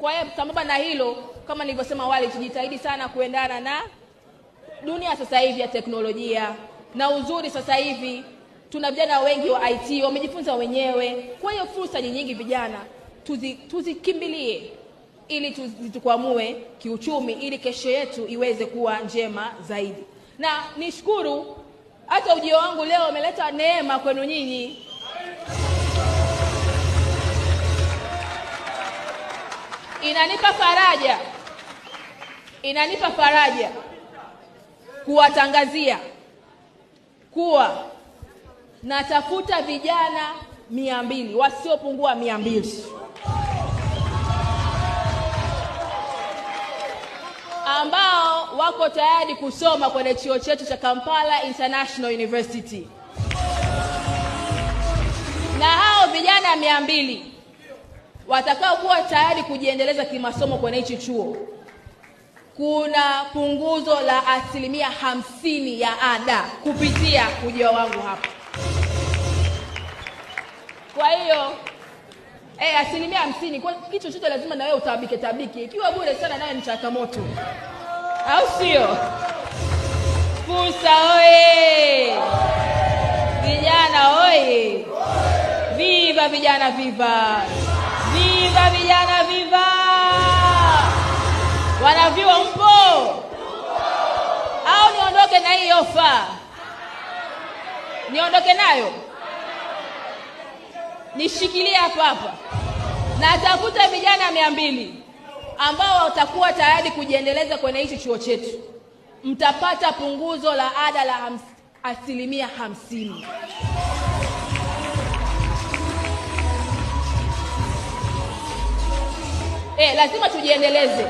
Kwa hiyo sambamba na hilo, kama nilivyosema awali, tujitahidi sana kuendana na dunia sasa hivi ya teknolojia, na uzuri sasa hivi tuna vijana wengi wa IT wamejifunza wenyewe. Kwa hiyo fursa ni nyingi, vijana tuzikimbilie, tuzi ili tuzitukwamue kiuchumi, ili kesho yetu iweze kuwa njema zaidi. Na nishukuru hata ujio wangu leo umeleta neema kwenu nyinyi. inanipa faraja, inanipa faraja kuwatangazia kuwa natafuta vijana mia mbili wasiopungua mia mbili ambao wako tayari kusoma kwenye chuo chetu cha Kampala International University na hao vijana mia mbili watakaokuwa tayari kujiendeleza kimasomo kwenye hichi chuo kuna punguzo la asilimia hamsini ya ada kupitia ujio wangu hapa. Kwa hiyo eh, asilimia hamsini kwa kitu chochote lazima na wewe utabike tabiki, ikiwa bure sana naye ni changamoto, au sio? Fursa oye! Vijana oye! Viva vijana, viva! Viva vijana, viva! Wanavyuo mpo au niondoke na hii ofa? Niondoke nayo, nishikilie hapa hapa, na tafuta vijana mia mbili ambao watakuwa tayari kujiendeleza kwenye hichi chuo chetu, mtapata punguzo la ada la asilimia hamsini. eh, lazima tujiendeleze,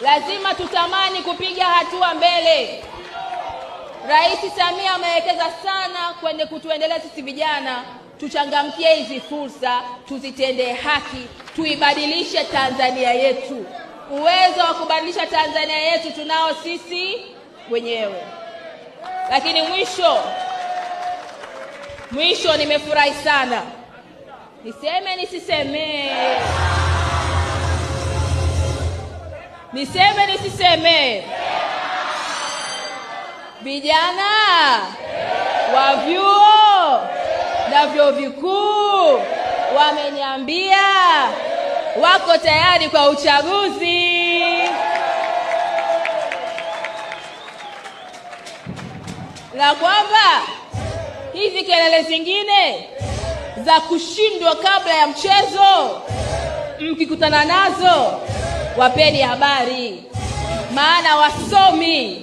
lazima tutamani kupiga hatua mbele. Rais Samia amewekeza sana kwenye kutuendelea sisi vijana, tuchangamkie hizi fursa, tuzitendee haki, tuibadilishe Tanzania yetu. Uwezo wa kubadilisha Tanzania yetu tunao sisi wenyewe. Lakini mwisho mwisho, nimefurahi sana, niseme nisiseme Niseme nisiseme? Vijana wa vyuo na vyuo vikuu wameniambia wako tayari kwa uchaguzi. Na kwamba hizi kelele zingine za kushindwa kabla ya mchezo mkikutana nazo wapeni habari, maana wasomi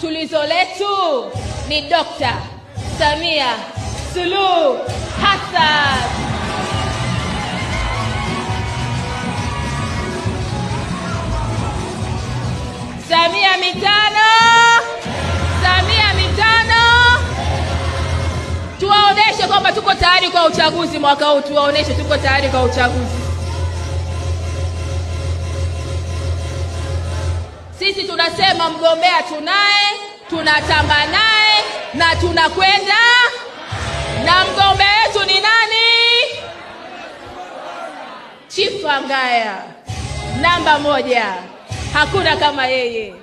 tulizo letu ni Dokta Samia Suluhu Hassan. Samia mitano, Samia mitano. Tuwaoneshe kwamba tuko tayari kwa uchaguzi mwaka huu, tuwaoneshe tuko tayari kwa uchaguzi. sisi tunasema mgombea tunaye, tunatamba naye na tunakwenda na mgombea wetu ni nani? chifa ngaya namba moja, hakuna kama yeye,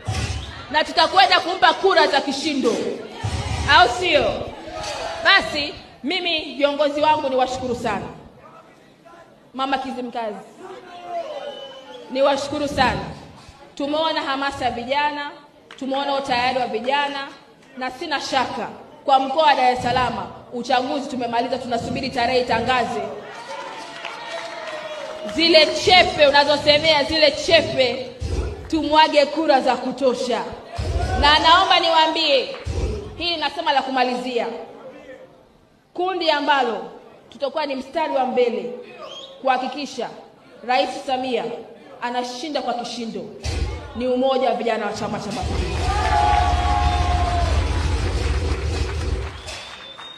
na tutakwenda kumpa kura za kishindo, au sio? Basi mimi viongozi wangu niwashukuru sana, mama Kizimkazi, niwashukuru sana Tumeona hamasa ya vijana, tumeona utayari wa vijana, na sina shaka kwa mkoa wa Dar es Salaam uchaguzi tumemaliza, tunasubiri tarehe itangaze. Zile chepe unazosemea zile chepe, tumwage kura za kutosha, na naomba niwaambie hili nasema la kumalizia, kundi ambalo tutakuwa ni mstari wa mbele kuhakikisha Rais Samia anashinda kwa kishindo ni umoja wa vijana wa Chama cha Mapinduzi.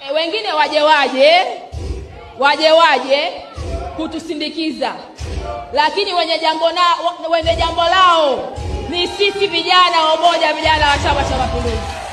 E, wengine waje waje waje waje kutusindikiza, lakini wenye jambo, na, wenye jambo lao ni sisi vijana wa umoja vijana wa Chama cha Mapinduzi.